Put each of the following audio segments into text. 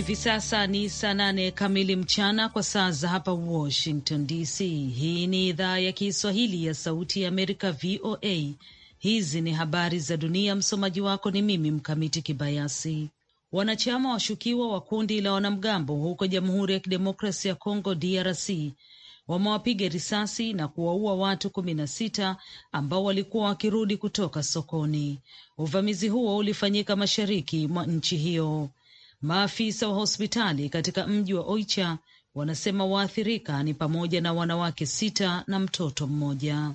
Hivi sasa ni saa nane kamili mchana kwa saa za hapa Washington DC. Hii ni idhaa ya Kiswahili ya Sauti ya Amerika, VOA. Hizi ni habari za dunia. Msomaji wako ni mimi Mkamiti Kibayasi. Wanachama washukiwa wa kundi la wanamgambo huko Jamhuri ya Kidemokrasi ya Kongo, DRC, wamewapiga risasi na kuwaua watu kumi na sita ambao walikuwa wakirudi kutoka sokoni. Uvamizi huo ulifanyika mashariki mwa nchi hiyo. Maafisa wa hospitali katika mji wa Oicha wanasema waathirika ni pamoja na wanawake sita na mtoto mmoja.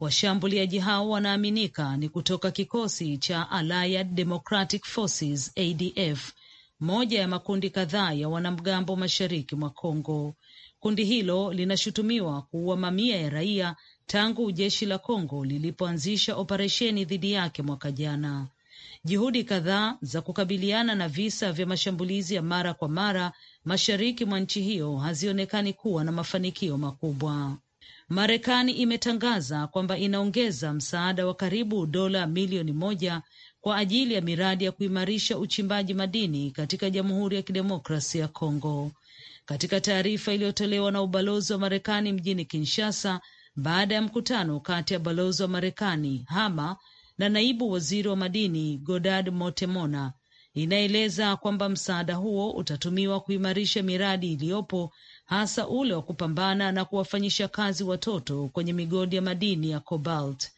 Washambuliaji hao wanaaminika ni kutoka kikosi cha Allied Democratic Forces ADF, moja ya makundi kadhaa ya wanamgambo mashariki mwa Kongo. Kundi hilo linashutumiwa kuua mamia ya raia tangu jeshi la Kongo lilipoanzisha operesheni dhidi yake mwaka jana juhudi kadhaa za kukabiliana na visa vya mashambulizi ya mara kwa mara mashariki mwa nchi hiyo hazionekani kuwa na mafanikio makubwa. Marekani imetangaza kwamba inaongeza msaada wa karibu dola milioni moja kwa ajili ya miradi ya kuimarisha uchimbaji madini katika Jamhuri ya Kidemokrasi ya Kongo. Katika taarifa iliyotolewa na ubalozi wa Marekani mjini Kinshasa baada ya mkutano kati ya balozi wa Marekani Hama na naibu waziri wa madini Godard Motemona inaeleza kwamba msaada huo utatumiwa kuimarisha miradi iliyopo hasa ule wa kupambana na kuwafanyisha kazi watoto kwenye migodi ya madini ya cobalt.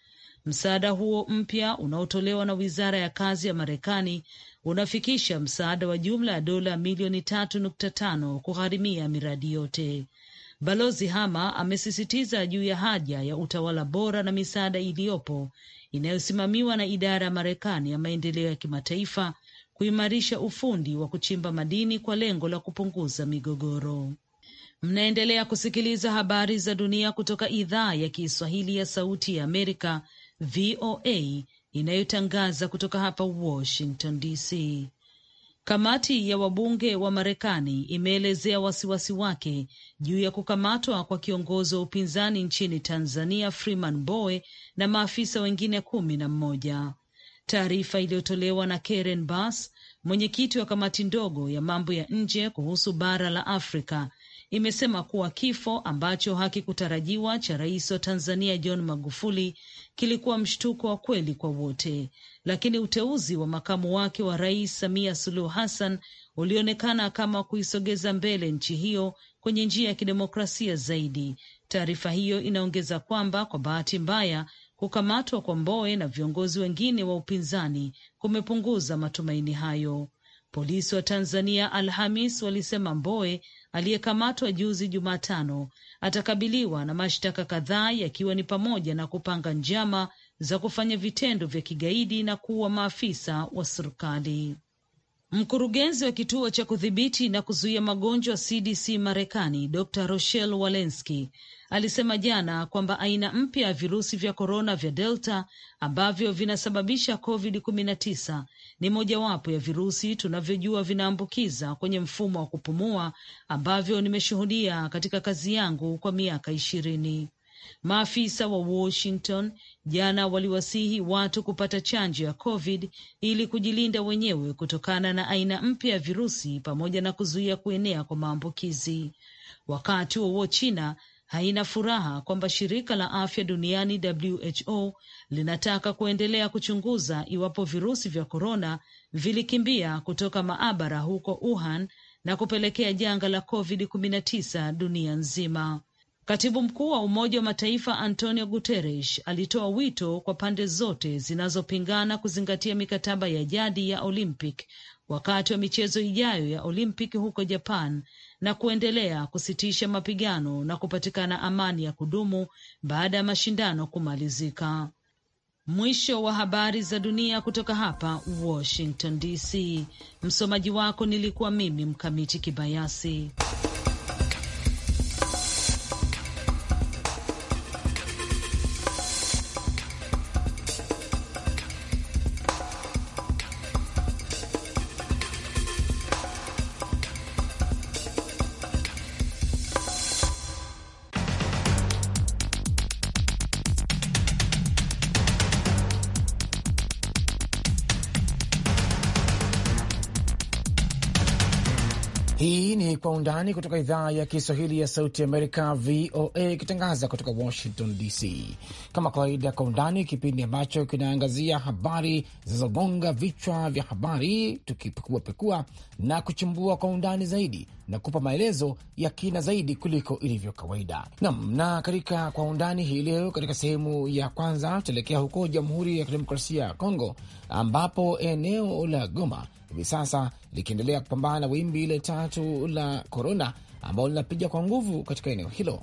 Msaada huo mpya unaotolewa na wizara ya kazi ya Marekani unafikisha msaada wa jumla ya dola milioni tatu nukta tano kugharimia miradi yote. Balozi Hama amesisitiza juu ya haja ya utawala bora na misaada iliyopo inayosimamiwa na idara ya Marekani ya maendeleo ya kimataifa kuimarisha ufundi wa kuchimba madini kwa lengo la kupunguza migogoro. Mnaendelea kusikiliza habari za dunia kutoka idhaa ya Kiswahili ya Sauti ya Amerika, VOA, inayotangaza kutoka hapa Washington DC. Kamati ya wabunge wa Marekani imeelezea wasiwasi wake juu ya kukamatwa kwa kiongozi wa upinzani nchini Tanzania Freeman Mbowe na maafisa wengine kumi na mmoja. Taarifa iliyotolewa na Karen Bass, mwenyekiti wa kamati ndogo ya mambo ya nje kuhusu bara la Afrika imesema kuwa kifo ambacho hakikutarajiwa cha rais wa Tanzania John Magufuli kilikuwa mshtuko wa kweli kwa wote, lakini uteuzi wa makamu wake wa rais Samia Suluhu Hassan ulionekana kama kuisogeza mbele nchi hiyo kwenye njia ya kidemokrasia zaidi. Taarifa hiyo inaongeza kwamba kwa bahati mbaya kukamatwa kwa Mbowe na viongozi wengine wa upinzani kumepunguza matumaini hayo. Polisi wa Tanzania Alhamis walisema Mbowe aliyekamatwa juzi Jumatano atakabiliwa na mashtaka kadhaa yakiwa ni pamoja na kupanga njama za kufanya vitendo vya kigaidi na kuua maafisa wa serikali. Mkurugenzi wa kituo cha kudhibiti na kuzuia magonjwa CDC Marekani, Dr Rochelle Walensky alisema jana kwamba aina mpya ya virusi vya korona vya Delta ambavyo vinasababisha COVID-19 ni mojawapo ya virusi tunavyojua vinaambukiza kwenye mfumo wa kupumua ambavyo nimeshuhudia katika kazi yangu kwa miaka ishirini. Maafisa wa Washington jana waliwasihi watu kupata chanjo ya COVID ili kujilinda wenyewe kutokana na aina mpya ya virusi pamoja na kuzuia kuenea kwa maambukizi. Wakati huo China haina furaha kwamba shirika la afya duniani WHO linataka kuendelea kuchunguza iwapo virusi vya korona vilikimbia kutoka maabara huko Wuhan na kupelekea janga la COVID-19 dunia nzima. Katibu mkuu wa Umoja wa Mataifa Antonio Guterres alitoa wito kwa pande zote zinazopingana kuzingatia mikataba ya jadi ya Olympic wakati wa michezo ijayo ya Olympic huko Japan na kuendelea kusitisha mapigano na kupatikana amani ya kudumu baada ya mashindano kumalizika. Mwisho wa habari za dunia kutoka hapa Washington DC. Msomaji wako nilikuwa mimi Mkamiti Kibayasi. undani kutoka idhaa ya Kiswahili ya Sauti Amerika, VOA, ikitangaza kutoka Washington DC. Kama kawaida, kwa undani, kipindi ambacho kinaangazia habari zinazogonga vichwa vya habari, tukipekuapekua na kuchimbua kwa undani zaidi na kupa maelezo ya kina zaidi kuliko ilivyo kawaida. Nam na, na katika kwa undani hii leo, katika sehemu ya kwanza tutaelekea huko Jamhuri ya Kidemokrasia ya Kongo, ambapo eneo la Goma hivi sasa likiendelea kupambana na wimbi le tatu la korona ambalo linapiga kwa nguvu katika eneo hilo.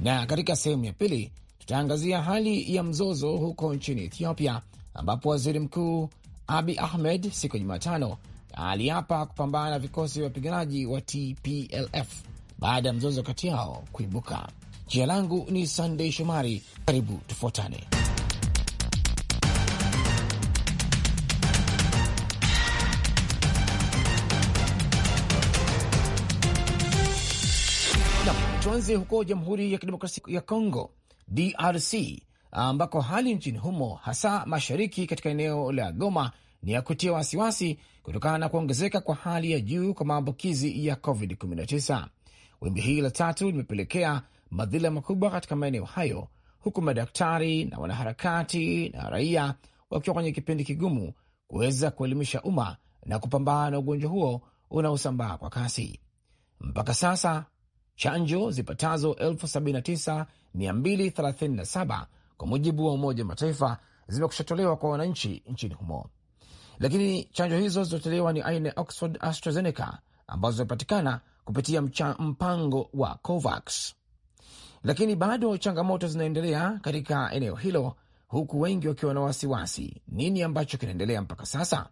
Na katika sehemu ya pili tutaangazia hali ya mzozo huko nchini Ethiopia, ambapo waziri mkuu Abi Ahmed siku ya Jumatano aliapa kupambana na vikosi vya wapiganaji wa TPLF baada ya mzozo kati yao kuibuka. Jina langu ni Sandei Shomari, karibu tufuatane. Tuanze huko Jamhuri ya Kidemokrasia ya congo DRC, ambako hali nchini humo hasa mashariki katika eneo la Goma ni ya kutia wasiwasi kutokana na kuongezeka kwa hali ya juu kwa maambukizi ya COVID-19. Wimbi hili la tatu limepelekea madhila makubwa katika maeneo hayo, huku madaktari na wanaharakati na raia wakiwa kwenye kipindi kigumu kuweza kuelimisha umma na kupambana na ugonjwa huo unaosambaa kwa kasi. Mpaka sasa chanjo zipatazo 79237 kwa mujibu wa Umoja wa Mataifa zimekushatolewa kwa wananchi nchini humo, lakini chanjo hizo zilizotolewa ni aina ya Oxford AstraZeneca ambazo zimepatikana kupitia mcha, mpango wa COVAX, lakini bado changamoto zinaendelea katika eneo hilo, huku wengi wakiwa na wasiwasi nini ambacho kinaendelea mpaka sasa.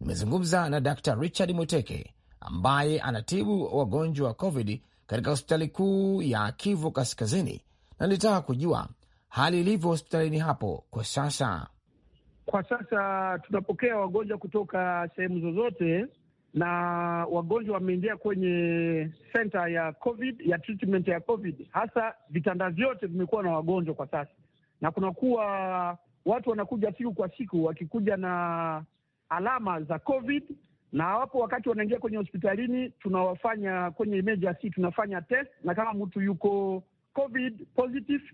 Nimezungumza na Dr Richard Muteke ambaye anatibu wagonjwa wa COVID katika hospitali kuu ya Kivu Kaskazini, na nilitaka kujua hali ilivyo hospitalini hapo kwa sasa. Kwa sasa tunapokea wagonjwa kutoka sehemu zozote, na wagonjwa wameingia kwenye senta ya COVID, ya treatment ya COVID. Hasa vitanda vyote vimekuwa na wagonjwa kwa sasa, na kunakuwa watu wanakuja siku kwa siku wakikuja na alama za COVID na wapo wakati wanaingia kwenye hospitalini, tunawafanya kwenye emergency, tunafanya test, na kama mtu yuko covid positive,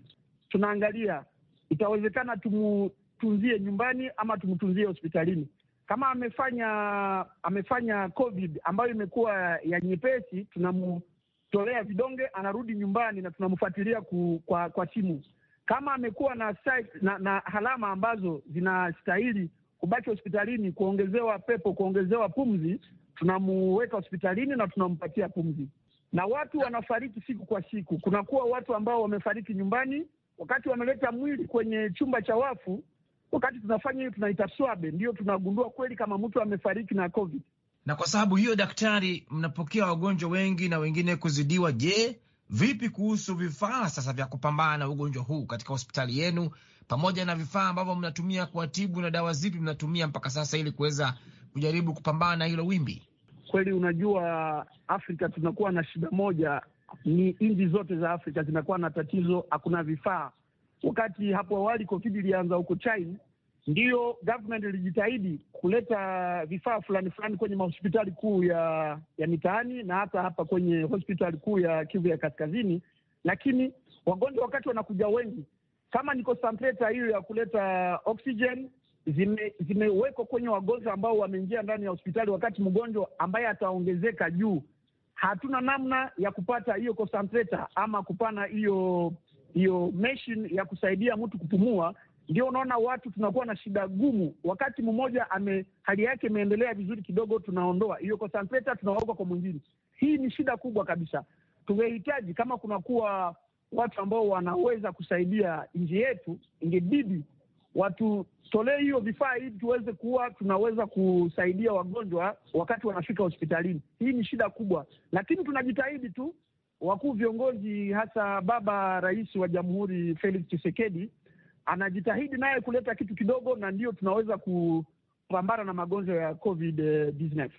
tunaangalia itawezekana tumtunzie nyumbani ama tumtunzie hospitalini. Kama amefanya amefanya covid ambayo imekuwa ya nyepesi, tunamtolea vidonge, anarudi nyumbani na tunamfuatilia kwa, kwa simu. Kama amekuwa na, na, na halama ambazo zinastahili kubaki hospitalini, kuongezewa pepo, kuongezewa pumzi, tunamuweka hospitalini na tunampatia pumzi. Na watu wanafariki siku kwa siku. Kunakuwa watu ambao wamefariki nyumbani, wakati wameleta mwili kwenye chumba cha wafu, wakati tunafanya hiyo tunaita swabe, ndio tunagundua kweli kama mtu amefariki na COVID. Na kwa sababu hiyo, daktari, mnapokea wagonjwa wengi na wengine kuzidiwa. Je, vipi kuhusu vifaa sasa vya kupambana na ugonjwa huu katika hospitali yenu pamoja na vifaa ambavyo mnatumia kuwatibu na dawa zipi mnatumia mpaka sasa ili kuweza kujaribu kupambana na hilo wimbi? Kweli, unajua Afrika tunakuwa na shida moja, ni nchi zote za Afrika zinakuwa na tatizo, hakuna vifaa. Wakati hapo awali COVID ilianza huko China, ndiyo government ilijitahidi kuleta vifaa fulani fulani kwenye mahospitali kuu ya ya mitaani na hata hapa kwenye hospitali kuu ya Kivu ya Kaskazini, lakini wagonjwa wakati wanakuja wengi kama ni concentrator hiyo ya kuleta oxygen zimewekwa zime kwenye wagonjwa ambao wameingia ndani ya hospitali, wakati mgonjwa ambaye ataongezeka juu, hatuna namna ya kupata hiyo concentrator ama kupana hiyo hiyo machine ya kusaidia mtu kupumua. Ndio unaona watu tunakuwa na shida gumu. Wakati mmoja ame hali yake imeendelea vizuri kidogo, tunaondoa hiyo concentrator, tunaweka kwa mwingine. Hii ni shida kubwa kabisa. Tungehitaji kama kunakuwa watu ambao wanaweza kusaidia nchi yetu, ingebidi watutolee hiyo vifaa ili tuweze kuwa tunaweza kusaidia wagonjwa wakati wanafika hospitalini. Hii ni shida kubwa, lakini tunajitahidi tu. Wakuu viongozi, hasa baba rais wa jamhuri Felix Tshisekedi anajitahidi naye kuleta kitu kidogo, na ndio tunaweza kupambana na magonjwa ya covid business.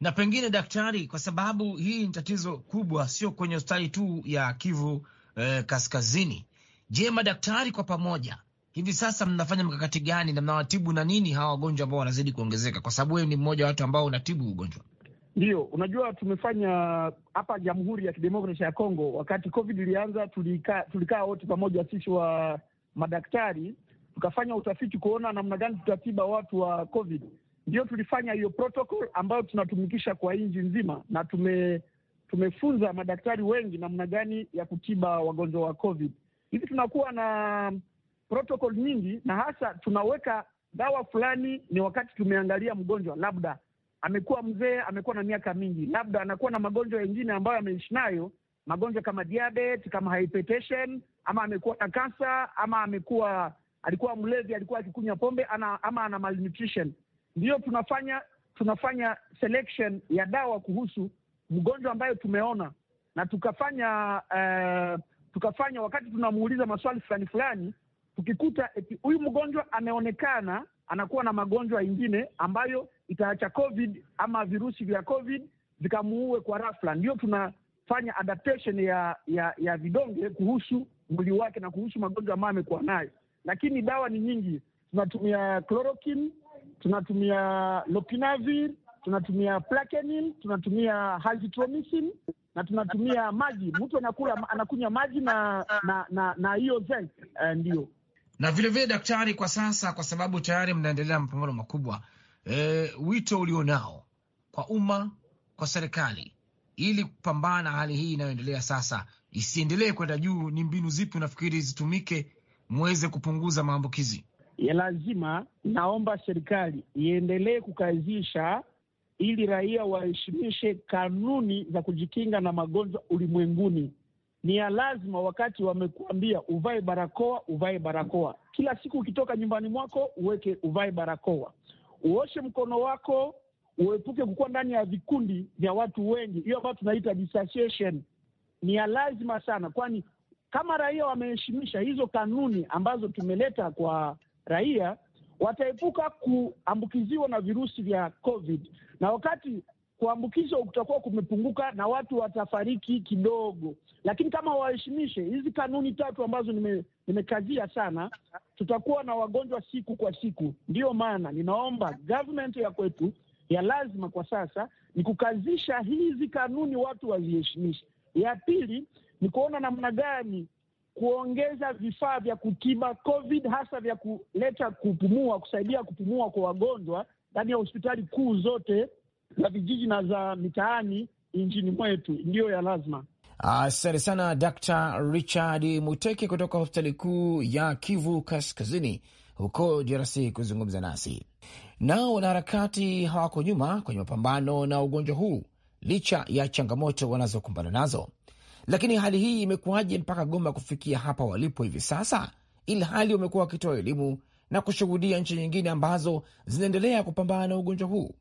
Na pengine daktari, kwa sababu hii ni tatizo kubwa, sio kwenye hospitali tu ya Kivu eh, kaskazini. Je, madaktari kwa pamoja hivi sasa mnafanya mkakati gani na mnawatibu na nini hawa wagonjwa ambao wanazidi kuongezeka, kwa sababu wewe ni mmoja wa watu ambao unatibu ugonjwa? ndio unajua tumefanya hapa Jamhuri ya Kidemokrasia ya Kongo, wakati COVID ilianza, tulikaa tulikaa wote pamoja sisi wa madaktari tukafanya utafiti kuona namna gani tutatiba watu wa COVID. Ndio tulifanya hiyo protocol ambayo tunatumikisha kwa nchi nzima, na tume tumefunza madaktari wengi namna gani ya kutiba wagonjwa wa COVID. Hivi tunakuwa na protocol nyingi, na hasa tunaweka dawa fulani ni wakati tumeangalia mgonjwa labda amekuwa mzee, amekuwa na miaka mingi, labda anakuwa na magonjwa yengine ambayo ameishi nayo, magonjwa kama diabet kama hypertension, ama amekuwa na kansa, ama amekuwa alikuwa mlevi, alikuwa akikunywa pombe ana, ama ana malnutrition. Ndiyo tunafanya tunafanya selection ya dawa kuhusu mgonjwa ambayo tumeona na tukafanya uh, tukafanya wakati tunamuuliza maswali fulani fulani, tukikuta huyu mgonjwa ameonekana anakuwa na magonjwa ingine ambayo itaacha COVID ama virusi vya COVID vikamuue kwa rafla. Ndio tunafanya adaptation ya, ya ya vidonge kuhusu mwili wake na kuhusu magonjwa ambayo amekuwa nayo, lakini dawa ni nyingi. Tunatumia chloroquine, tunatumia lopinavir tunatumia plaquenil, tunatumia azithromycin na tunatumia maji. Mtu anakula anakunywa maji na na na, na hiyo zinc uh, ndio na vilevile vile, daktari, kwa sasa, kwa sababu tayari mnaendelea na mapambano makubwa e, wito ulionao kwa umma, kwa serikali, ili kupambana na hali hii inayoendelea sasa isiendelee kwenda juu, ni mbinu zipi unafikiri zitumike muweze kupunguza maambukizi? Ya lazima, naomba serikali iendelee kukazisha ili raia waheshimishe kanuni za kujikinga na magonjwa ulimwenguni. Ni ya lazima, wakati wamekuambia uvae barakoa, uvae barakoa. Kila siku ukitoka nyumbani mwako uweke, uvae barakoa, uoshe mkono wako, uepuke kukuwa ndani ya vikundi vya watu wengi, hiyo ambayo tunaita dissociation. Ni ya lazima sana, kwani kama raia wameheshimisha hizo kanuni ambazo tumeleta kwa raia, wataepuka kuambukiziwa na virusi vya COVID na wakati kuambukizwa kutakuwa kumepunguka na watu watafariki kidogo, lakini kama waheshimishe hizi kanuni tatu ambazo nime, nimekazia sana, tutakuwa na wagonjwa siku kwa siku. Ndiyo maana ninaomba government ya kwetu ya lazima kwa sasa ni kukazisha hizi kanuni, watu waziheshimishe. Ya pili ni kuona namna gani kuongeza vifaa vya kutiba COVID hasa vya kuleta kupumua, kusaidia kupumua kwa wagonjwa ndani ya hospitali kuu zote za vijiji na za mitaani nchini mwetu ndiyo ya lazima. Asante sana Dr. Richard Muteke kutoka hospitali kuu ya Kivu Kaskazini huko DRC kuzungumza nasi. Nao wanaharakati hawako nyuma kwenye mapambano na ugonjwa huu licha ya changamoto wanazokumbana nazo. Lakini hali hii imekuwaje mpaka Goma kufikia hapa walipo hivi sasa, ili hali wamekuwa wakitoa elimu na kushuhudia nchi nyingine ambazo zinaendelea kupambana na ugonjwa huu.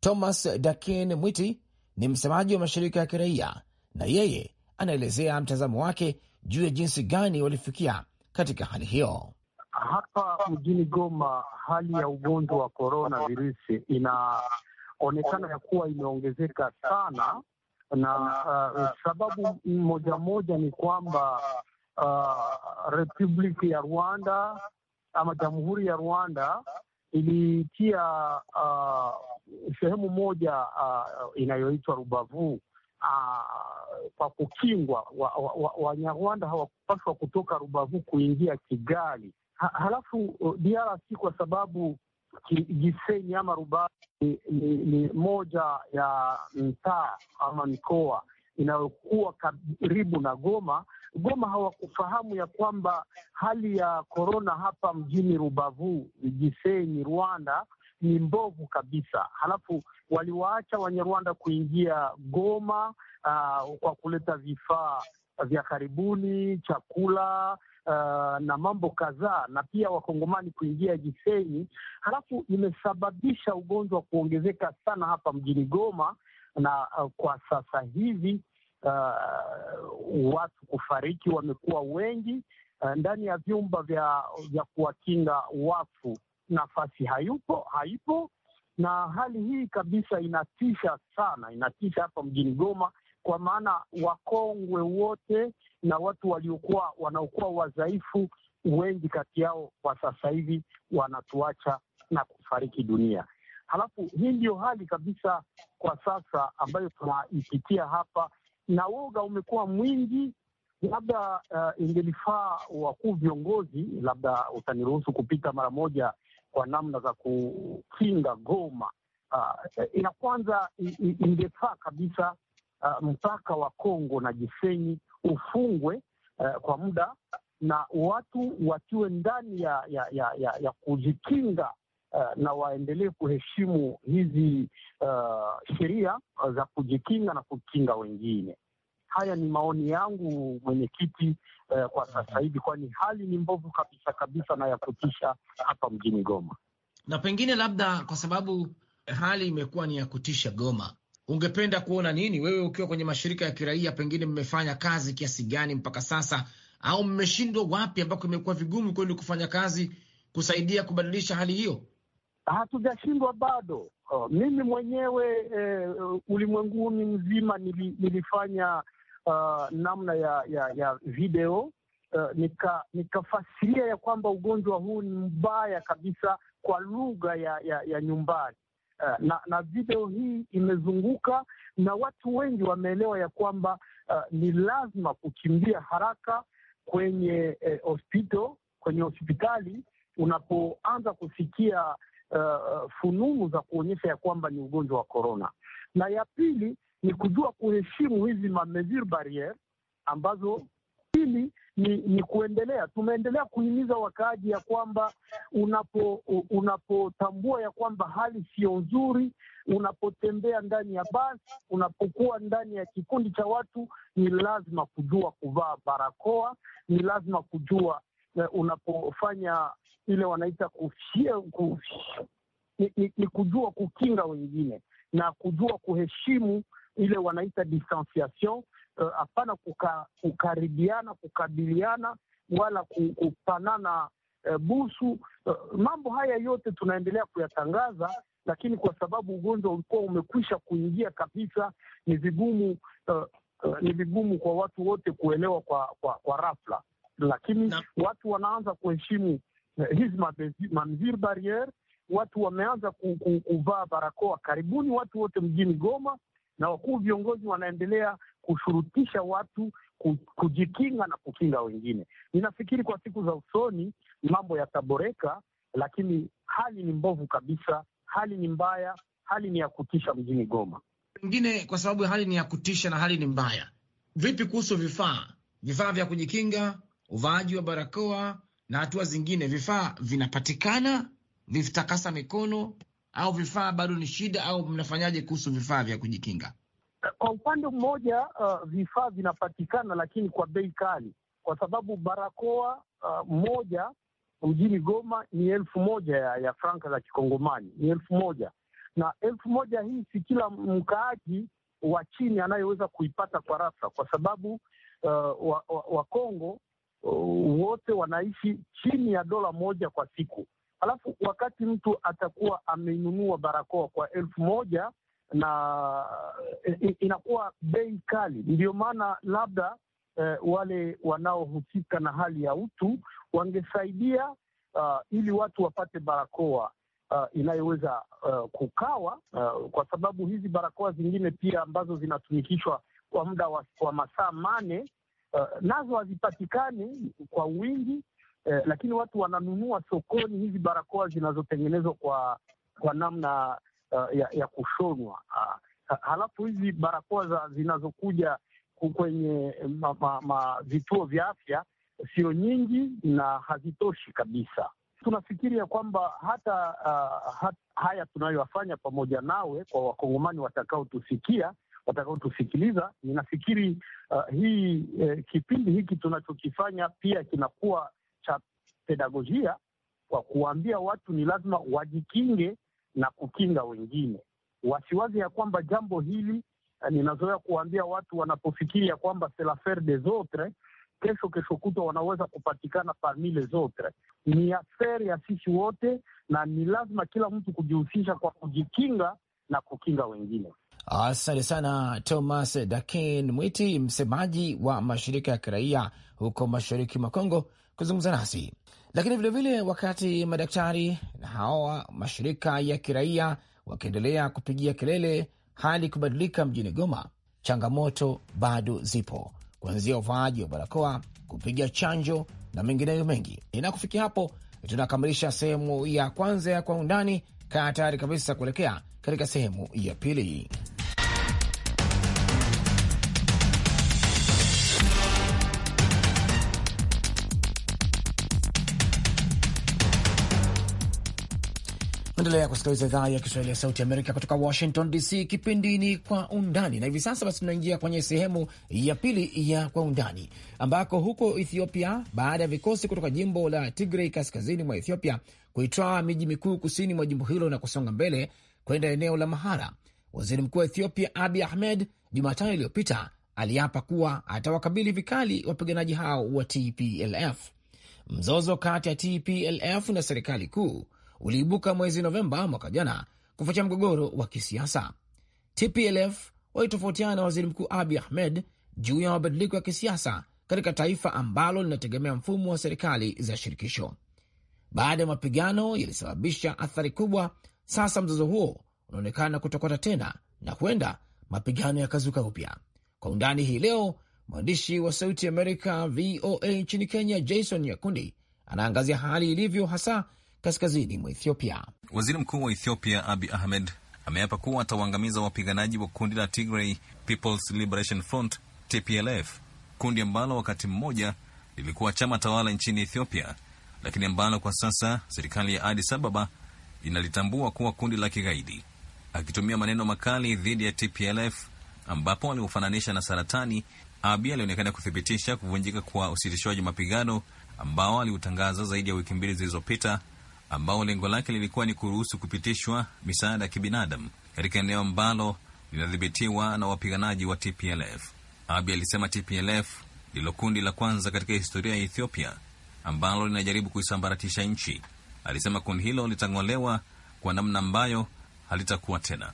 Thomas Dakin Mwiti ni msemaji wa mashirika ya kiraia, na yeye anaelezea mtazamo wake juu ya jinsi gani walifikia katika hali hiyo. Hapa mjini Goma, hali ya ugonjwa wa korona virusi inaonekana ya kuwa imeongezeka sana, na uh, sababu moja moja ni kwamba uh, Republiki ya Rwanda ama jamhuri ya Rwanda ilitia uh, sehemu moja uh, inayoitwa Rubavu uh, kwa kukingwa. Wanyarwanda wa, wa, wa hawakupaswa kutoka Rubavu kuingia Kigali. Ha, halafu uh, DRC kwa sababu Gisenyi ama Rubavu ni, ni, ni moja ya mtaa ama mikoa inayokuwa karibu na Goma Goma hawakufahamu ya kwamba hali ya korona hapa mjini Rubavu, Gisenyi, Rwanda ni mbovu kabisa. Halafu waliwaacha Wanyarwanda kuingia Goma uh, kwa kuleta vifaa vya karibuni, chakula Uh, na mambo kadhaa na pia wakongomani kuingia Gisenyi, halafu imesababisha ugonjwa kuongezeka sana hapa mjini Goma, na uh, kwa sasa hivi uh, watu kufariki wamekuwa wengi uh, ndani ya vyumba vya, vya kuwakinga wafu nafasi hayupo, haipo na hali hii kabisa inatisha sana, inatisha hapa mjini Goma, kwa maana wakongwe wote na watu waliokuwa wanaokuwa wadhaifu wengi kati yao kwa sasa hivi wanatuacha na kufariki dunia. Halafu hii ndiyo hali kabisa kwa sasa ambayo tunaipitia hapa na woga umekuwa mwingi. Labda uh, ingelifaa wakuu viongozi, labda utaniruhusu kupita mara moja kwa namna za kupinga Goma. Uh, ya kwanza ingefaa kabisa uh, mpaka wa Kongo na jiseni ufungwe uh, kwa muda na watu watiwe ndani ya ya, ya, ya, ya kujikinga uh, na waendelee kuheshimu hizi uh, sheria za kujikinga na kukinga wengine. Haya ni maoni yangu mwenyekiti, uh, kwa sasa hivi, kwani hali ni mbovu kabisa kabisa na ya kutisha hapa mjini Goma, na pengine labda kwa sababu hali imekuwa ni ya kutisha Goma, ungependa kuona nini wewe ukiwa kwenye mashirika ya kiraia? Pengine mmefanya kazi kiasi gani mpaka sasa, au mmeshindwa wapi ambako imekuwa vigumu kwenu kufanya kazi kusaidia kubadilisha hali hiyo? hatujashindwa bado. Uh, mimi mwenyewe uh, ulimwenguni mzima nili, nilifanya uh, namna ya ya, ya video uh, nika nikafasiria ya kwamba ugonjwa huu ni mbaya kabisa kwa lugha ya, ya, ya nyumbani uh, na, na video hii imezunguka na watu wengi wameelewa ya kwamba uh, ni lazima kukimbia haraka kwenye hospitali eh, kwenye hospitali unapoanza kusikia uh, eh, eh, fununu za kuonyesha ya kwamba ni ugonjwa wa korona, na ya pili ni kujua kuheshimu hizi mamesure barriere ambazo Pili ni, ni kuendelea tumeendelea kuhimiza wakaaji ya kwamba unapo unapotambua ya kwamba hali sio nzuri, unapotembea ndani ya basi, unapokuwa ndani ya kikundi cha watu, ni lazima kujua kuvaa barakoa, ni lazima kujua eh, unapofanya ile wanaita kushia, kufie. Ni, ni, ni kujua kukinga wengine na kujua kuheshimu ile wanaita distanciation. Eh, hapana uh, kuka, kukaribiana, kukabiliana wala kupanana uh, busu uh, mambo haya yote tunaendelea kuyatangaza, lakini kwa sababu ugonjwa ulikuwa umekwisha kuingia kabisa, ni vigumu uh, uh, ni vigumu kwa watu wote kuelewa kwa, kwa, kwa rafla, lakini na, watu wanaanza kuheshimu Eh, hizi mamzir barrier, watu wameanza kuvaa barakoa karibuni watu wote mjini Goma, na wakuu viongozi wanaendelea kushurutisha watu kujikinga na kukinga wengine. Ninafikiri kwa siku za usoni mambo yataboreka, lakini hali ni mbovu kabisa, hali ni mbaya, hali ni ya kutisha mjini Goma. Pengine kwa sababu hali ni ya kutisha na hali ni mbaya, vipi kuhusu vifaa, vifaa vya kujikinga, uvaaji wa barakoa na hatua zingine, vifaa vinapatikana, vitakasa mikono au vifaa bado ni shida, au mnafanyaje kuhusu vifaa vya kujikinga? Kwa upande mmoja uh, vifaa vinapatikana lakini kwa bei kali, kwa sababu barakoa uh, moja mjini Goma ni elfu moja ya, ya franka za kikongomani ni elfu moja na elfu moja hii si kila mkaaji wa chini anayeweza kuipata kwa rafa kwa sababu uh, Wakongo wa, wa wote wanaishi chini ya dola moja kwa siku. Alafu wakati mtu atakuwa amenunua barakoa kwa elfu moja na eh, eh, inakuwa bei kali, ndio maana labda eh, wale wanaohusika na hali ya utu wangesaidia uh, ili watu wapate barakoa uh, inayoweza uh, kukawa uh, kwa sababu hizi barakoa zingine pia ambazo zinatumikishwa kwa muda wa, wa masaa mane uh, nazo hazipatikani kwa wingi eh, lakini watu wananunua sokoni hizi barakoa zinazotengenezwa kwa kwa namna uh, ya, ya kushonwa uh, halafu hizi barakoa zinazokuja kwenye ma, ma, ma, vituo vya afya sio nyingi na hazitoshi kabisa. ya kwamba hata uh, ah, hat, haya tunayoyafanya pamoja nawe kwa wakongomani watakaotusikia watakaotusikiliza, ninafikiri uh, hii eh, kipindi hiki tunachokifanya pia kinakuwa cha pedagojia kwa kuwaambia watu ni lazima wajikinge na kukinga wengine, wasiwazi ya kwamba jambo hili eh, ninazoea kuwaambia watu wanapofikiri ya kwamba c'est l'affaire des autres kesho kesho kutwa wanaweza kupatikana parmi les autres. Ni aferi ya sisi wote, na ni lazima kila mtu kujihusisha kwa kujikinga na kukinga wengine. Asante sana Thomas Dakin Mwiti, msemaji wa mashirika ya kiraia huko mashariki mwa Kongo, kuzungumza nasi. Lakini vilevile vile, wakati madaktari na hawa mashirika ya kiraia wakiendelea kupigia kelele hali kubadilika mjini Goma, changamoto bado zipo, kuanzia uvaaji wa barakoa, kupiga chanjo na mengineyo mengi. Inakufikia hapo, tunakamilisha sehemu ya kwanza ya Kwa Undani. Kaa tayari kabisa kuelekea katika sehemu ya pili. Endelea kusikiliza idhaa ya Kiswahili ya Sauti Amerika kutoka Washington DC. Kipindi ni Kwa Undani, na hivi sasa basi tunaingia kwenye sehemu ya pili ya Kwa Undani, ambako huko Ethiopia, baada ya vikosi kutoka jimbo la Tigrey kaskazini mwa Ethiopia kuitwaa miji mikuu kusini mwa jimbo hilo na kusonga mbele kwenda eneo la Mahara, waziri mkuu wa Ethiopia Abiy Ahmed Jumatano iliyopita aliapa kuwa atawakabili vikali wapiganaji hao wa TPLF. Mzozo kati ya TPLF na serikali kuu uliibuka mwezi Novemba mwaka jana kufuatia mgogoro wa kisiasa. TPLF walitofautiana na waziri mkuu Abi Ahmed juu ya mabadiliko ya kisiasa katika taifa ambalo linategemea mfumo wa serikali za shirikisho. Baada ya mapigano yalisababisha athari kubwa, sasa mzozo huo unaonekana kutokota tena na huenda mapigano yakazuka upya. Kwa undani hii leo, mwandishi wa Sauti Amerika VOA nchini Kenya, Jason Nyakundi, anaangazia hali ilivyo hasa kaskazini mwa Ethiopia. Waziri Mkuu wa Ethiopia Abi Ahmed ameapa kuwa atawaangamiza wapiganaji wa kundi la Tigray People's Liberation Front TPLF, kundi ambalo wakati mmoja lilikuwa chama tawala nchini Ethiopia, lakini ambalo kwa sasa serikali ya Addis Ababa inalitambua kuwa kundi la kigaidi, akitumia maneno makali dhidi ya TPLF ambapo aliofananisha na saratani. Abi alionekana kuthibitisha kuvunjika kwa usitishwaji mapigano ambao aliutangaza zaidi ya wiki mbili zilizopita, ambao lengo lake lilikuwa ni kuruhusu kupitishwa misaada ya kibinadamu katika eneo ambalo linadhibitiwa na wapiganaji wa TPLF. Abiy alisema TPLF ndilo kundi la kwanza katika historia ya Ethiopia ambalo linajaribu kuisambaratisha nchi. Alisema kundi hilo litang'olewa kwa namna ambayo halitakuwa tena.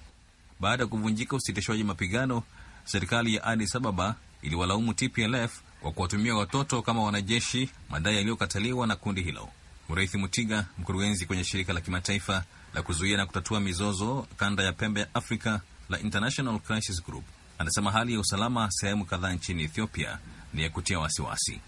Baada ya kuvunjika usitishwaji mapigano, serikali ya Addis Ababa iliwalaumu TPLF kwa kuwatumia watoto kama wanajeshi, madai yaliyokataliwa na kundi hilo mraithi Mutiga, mkurugenzi kwenye shirika la kimataifa la kuzuia na kutatua mizozo kanda ya pembe ya Afrika la International Crisis Group, anasema hali ya usalama sehemu kadhaa nchini Ethiopia ni ya kutia wasiwasi wasi.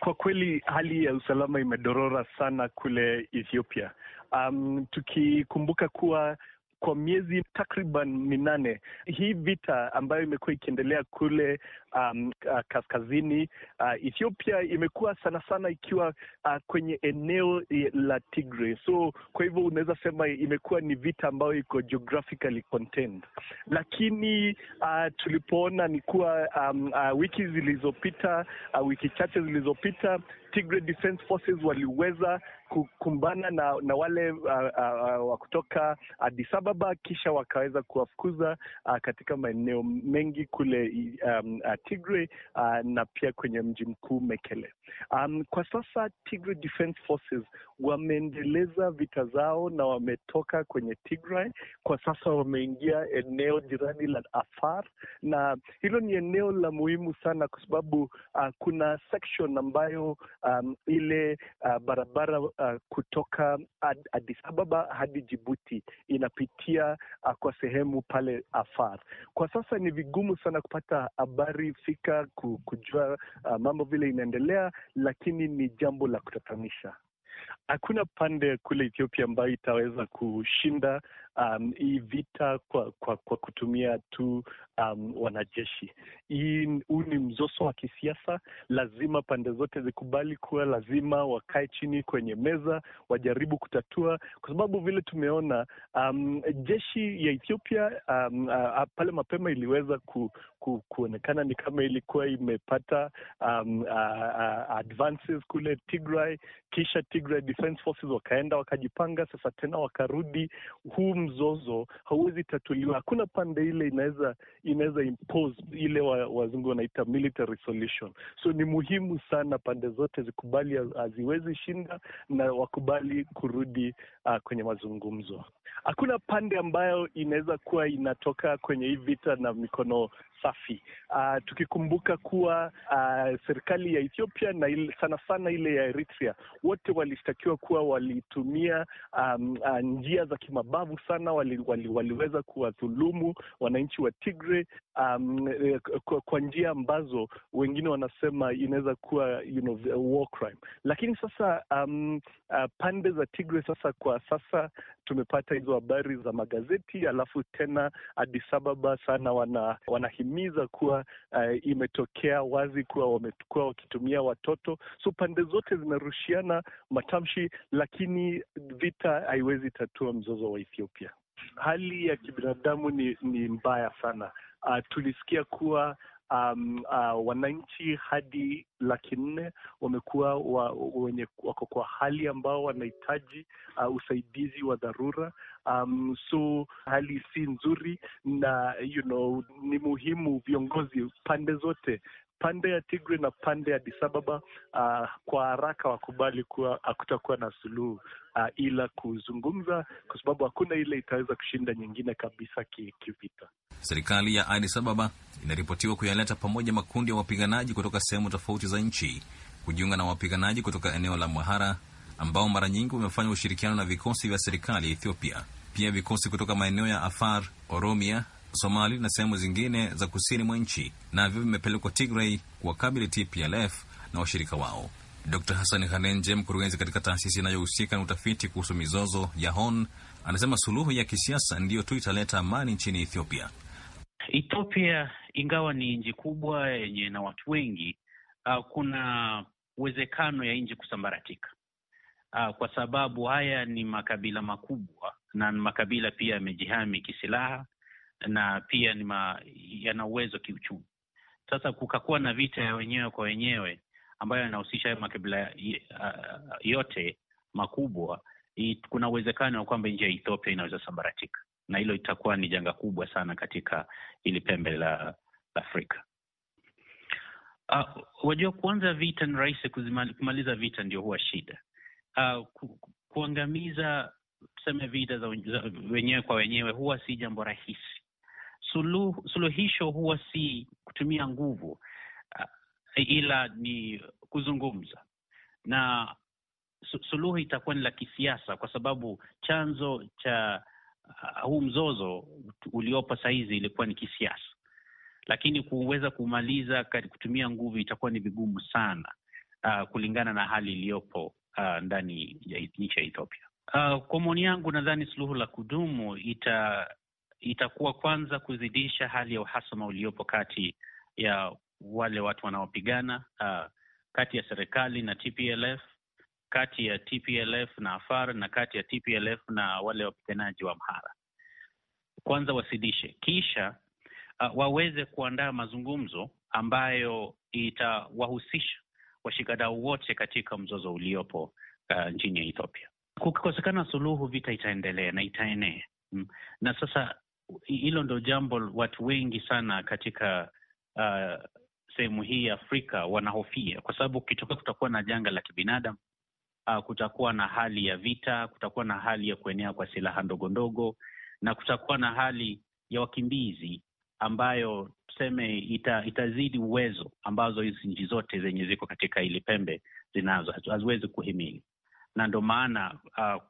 Kwa kweli hali ya usalama imedorora sana kule Ethiopia. Um, tukikumbuka kuwa kwa miezi takriban minane. Hii vita ambayo imekuwa ikiendelea kule um, uh, kaskazini uh, Ethiopia imekuwa sana sana ikiwa uh, kwenye eneo eh, la Tigre, so kwa hivyo unaweza sema imekuwa ni vita ambayo iko geographically contained, lakini uh, tulipoona ni kuwa um, uh, wiki zilizopita uh, wiki chache zilizopita Tigray Defense Forces waliweza kukumbana na na wale uh, uh, wa kutoka Addis Ababa, kisha wakaweza kuwafukuza uh, katika maeneo mengi kule um, uh, Tigray uh, na pia kwenye mji mkuu Mekele. Um, kwa sasa Tigray Defense Forces wameendeleza vita zao na wametoka kwenye Tigray. Kwa sasa wameingia eneo jirani la Afar, na hilo ni eneo la muhimu sana kwa sababu uh, kuna section ambayo um, ile uh, barabara uh, kutoka Ad, Addis Ababa hadi jibuti inapitia uh, kwa sehemu pale Afar. Kwa sasa ni vigumu sana kupata habari fika kujua uh, mambo vile inaendelea, lakini ni jambo la kutatanisha hakuna pande kule Ethiopia ambayo itaweza kushinda um, hii vita kwa, kwa, kwa kutumia tu um, wanajeshi. Huu ni mzozo wa kisiasa, lazima pande zote zikubali kuwa lazima wakae chini kwenye meza, wajaribu kutatua, kwa sababu vile tumeona um, jeshi ya Ethiopia um, uh, pale mapema iliweza ku, ku, kuonekana ni kama ilikuwa imepata um, uh, uh, advances kule Tigray, kisha Tigray Defense Forces wakaenda wakajipanga, sasa tena wakarudi huu mzozo hauwezi tatuliwa, hakuna pande ile inaweza inaweza impose ile wa, wazungu wanaita military solution. So ni muhimu sana pande zote zikubali haziwezi shinda na wakubali kurudi uh, kwenye mazungumzo. Hakuna pande ambayo inaweza kuwa inatoka kwenye hii vita na mikono safi. Uh, tukikumbuka kuwa uh, serikali ya Ethiopia na il, sana sana ile ya Eritrea wote walishtakiwa kuwa walitumia um, uh, njia za kimabavu sana wali, wali, waliweza kuwadhulumu wananchi wa tigre um, kwa, kwa njia ambazo wengine wanasema inaweza kuwa you know, war crime. Lakini sasa um, uh, pande za tigre sasa, kwa sasa tumepata hizo habari za magazeti, alafu tena Addis Ababa sana wana, wanahimiza kuwa uh, imetokea wazi kuwa wamekuwa wakitumia watoto, so pande zote zinarushiana matamshi, lakini vita haiwezi tatua mzozo wa Ethiopia hali ya kibinadamu ni, ni mbaya sana. Uh, tulisikia kuwa um, uh, wananchi hadi laki nne wamekuwa wa, wenye wako kwa hali ambao wanahitaji uh, usaidizi wa dharura um, so hali si nzuri, na you know, ni muhimu viongozi pande zote pande ya tigre na pande ya disababa uh, ah, kwa haraka wakubali kuwa hakutakuwa na suluhu uh, ila kuzungumza, kwa sababu hakuna ile itaweza kushinda nyingine kabisa kivita. Serikali ya Addis Ababa inaripotiwa kuyaleta pamoja makundi ya wapiganaji kutoka sehemu tofauti za nchi kujiunga na wapiganaji kutoka eneo la mwahara ambao mara nyingi wamefanya ushirikiano na vikosi vya serikali ya Ethiopia. Pia vikosi kutoka maeneo ya Afar, Oromia Somali na sehemu zingine za kusini mwa nchi, navyo vimepelekwa Tigray kuwakabili TPLF na washirika wao. Dr Hassan Khanenje, mkurugenzi katika taasisi inayohusika na utafiti kuhusu mizozo ya Horn, anasema suluhu ya kisiasa ndiyo tu italeta amani nchini Ethiopia. Ethiopia ingawa ni nchi kubwa yenye na watu wengi, uh, kuna uwezekano ya nchi kusambaratika, uh, kwa sababu haya ni makabila makubwa na makabila pia yamejihami kisilaha na pia ni yana uwezo kiuchumi. Sasa kukakuwa na vita ya wenyewe kwa wenyewe ambayo yanahusisha hayo makabila yote makubwa, kuna uwezekano wa kwamba nchi ya Ethiopia inaweza sambaratika, na hilo itakuwa ni janga kubwa sana katika hili pembe la Afrika. Uh, wajua kuanza vita ni rahisi, kumaliza vita ndio huwa shida. Uh, ku, kuangamiza tuseme vita za wenyewe kwa wenyewe huwa si jambo rahisi, suluhu, suluhisho huwa si kutumia nguvu uh, ila ni kuzungumza na suluhu itakuwa ni la kisiasa, kwa sababu chanzo cha uh, huu mzozo uliopo sahizi ilikuwa ni kisiasa, lakini kuweza kumaliza kutumia nguvu itakuwa ni vigumu sana uh, kulingana na hali iliyopo uh, ndani ya nchi ya Ethiopia. Uh, kwa maoni yangu, nadhani suluhu la kudumu ita itakuwa kwanza kuzidisha hali ya uhasama uliopo kati ya wale watu wanaopigana uh, kati ya serikali na TPLF, kati ya TPLF na AFAR na kati ya TPLF na wale wapiganaji wa mhara Kwanza wasidishe, kisha uh, waweze kuandaa mazungumzo ambayo itawahusisha washikadau wote katika mzozo uliopo uh, nchini ya Ethiopia. Kukikosekana suluhu, vita itaendelea na itaenea mm. na sasa hilo ndo jambo watu wengi sana katika uh, sehemu hii ya Afrika wanahofia, kwa sababu kitokea kutakuwa na janga la kibinadamu uh, kutakuwa na hali ya vita, kutakuwa na hali ya kuenea kwa silaha ndogo ndogo, na kutakuwa na hali ya wakimbizi ambayo tuseme ita, itazidi uwezo ambazo hizi nchi zote zenye ziko katika ili pembe zinazo haziwezi kuhimili, na ndo maana uh,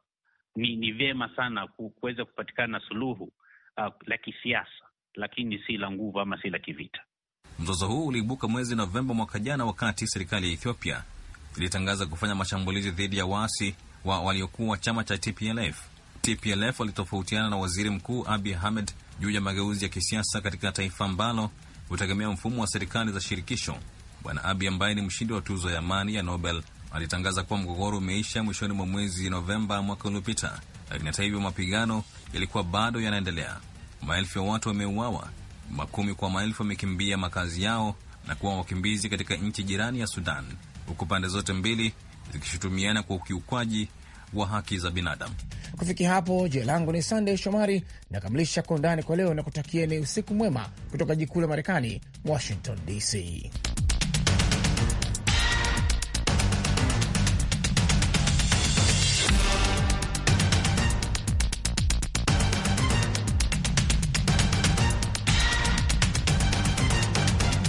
ni, ni vyema sana kuweza kupatikana suluhu uh, la kisiasa, lakini si la nguvu ama si la kivita. Mzozo huu uliibuka mwezi Novemba mwaka jana, wakati serikali ya Ethiopia ilitangaza kufanya mashambulizi dhidi ya waasi wa waliokuwa chama cha TPLF. TPLF walitofautiana na waziri mkuu Abiy Ahmed juu ya mageuzi ya kisiasa katika taifa ambalo hutegemea mfumo wa serikali za shirikisho. Bwana Abiy ambaye ni mshindi wa tuzo ya amani ya Nobel alitangaza kuwa mgogoro umeisha mwishoni mwa mwezi Novemba mwaka uliopita, lakini hata hivyo mapigano yalikuwa bado yanaendelea. Maelfu ya watu wameuawa, makumi kwa maelfu wamekimbia makazi yao na kuwa wakimbizi katika nchi jirani ya Sudan, huku pande zote mbili zikishutumiana kwa ukiukwaji wa haki za binadamu. Kufikia hapo, jina langu ni Sandey Shomari, nakamilisha Kwa Undani kwa leo na kutakieni usiku mwema kutoka jikuu la Marekani, Washington DC.